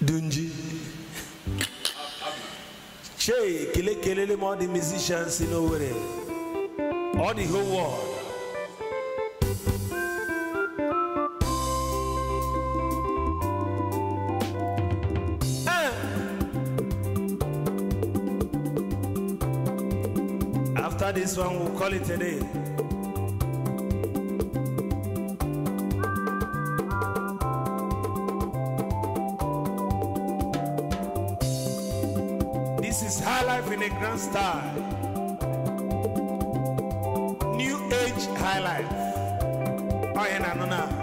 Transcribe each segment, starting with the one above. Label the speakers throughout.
Speaker 1: Dunji. Che, kile kelele all the musicians in Owerri. All the whole world. Eh. After this one, we'll call it a day. grand style. New age highlights. Oh, yeah, no,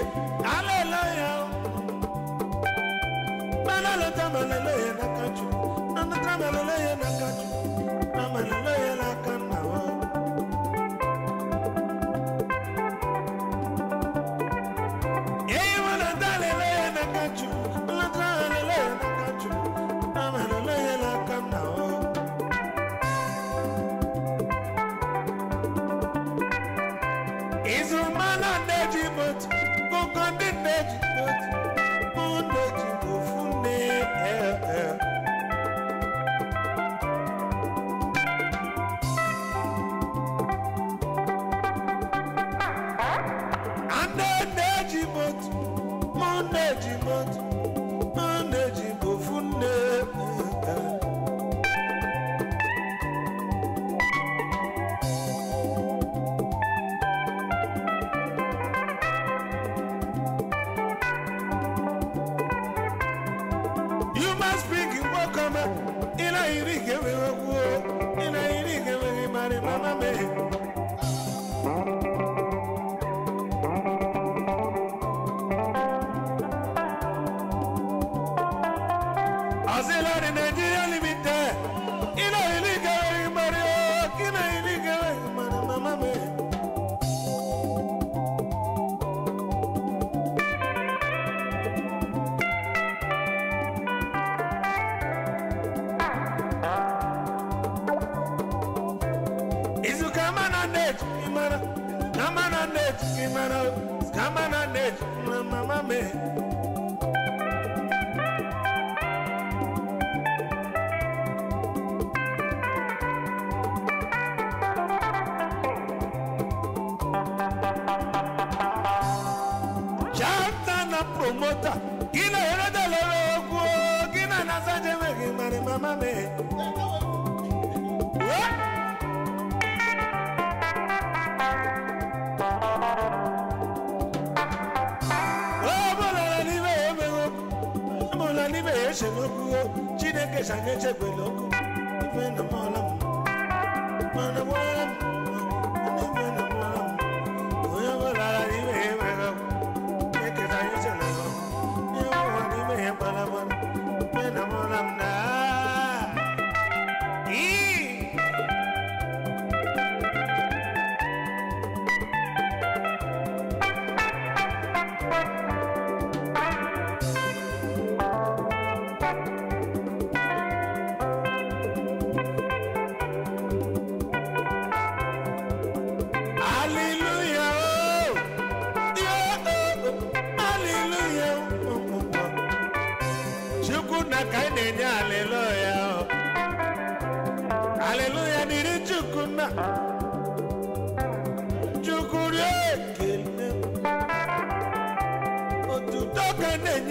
Speaker 1: yege hallelujah manalo tamalele na kachu nanatramalele nne na-eji motu mụ na-eji motu mụ na-eji you must speak in wakama ina iri ga-enweghị okwu ina iri ga-enweghị mara mama mee Kamananech, Kimana, Kamananech, Mamma me. Promoter, Gina, you're not a Gina, esemokwu chineke sanye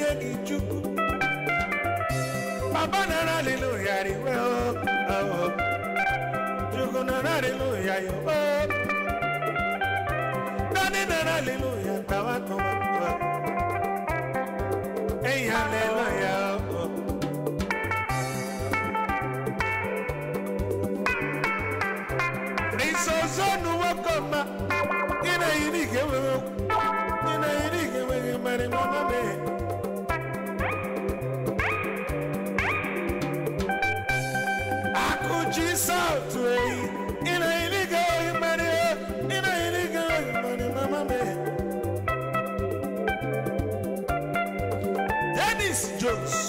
Speaker 1: Hey, Hallelujah. o o tawa church.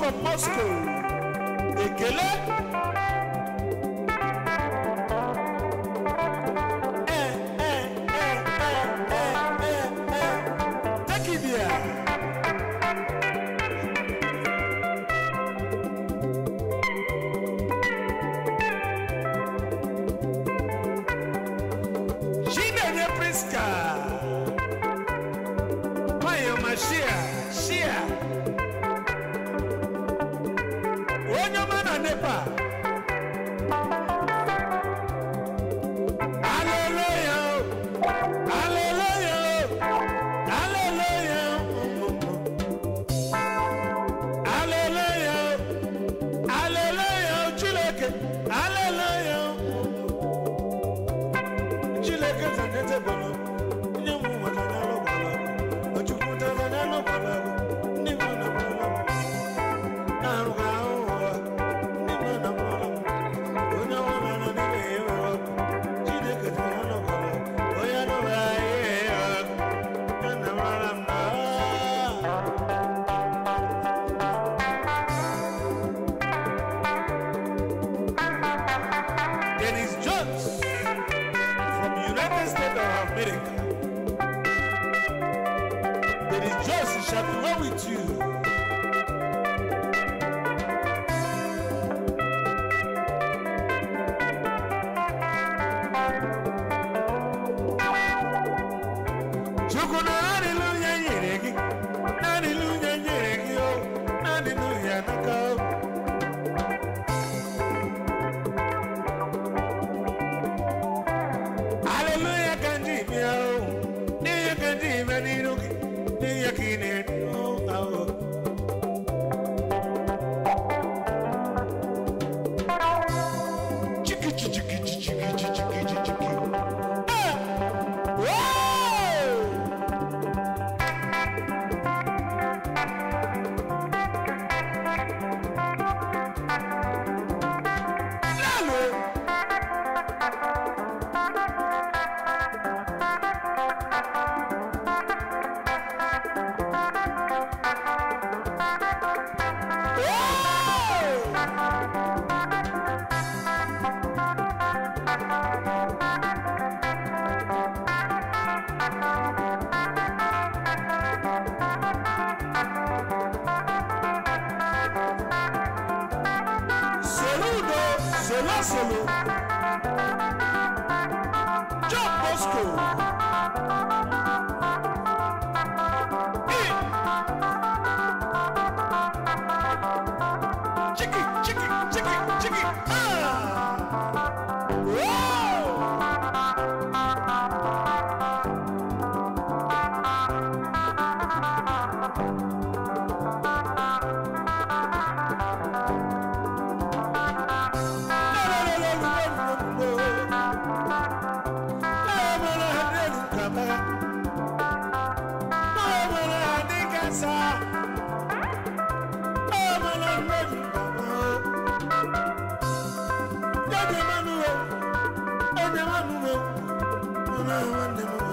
Speaker 1: from Moscow. Ekele. Eh, eh, eh, Take it there. Ete bono solo. my one, them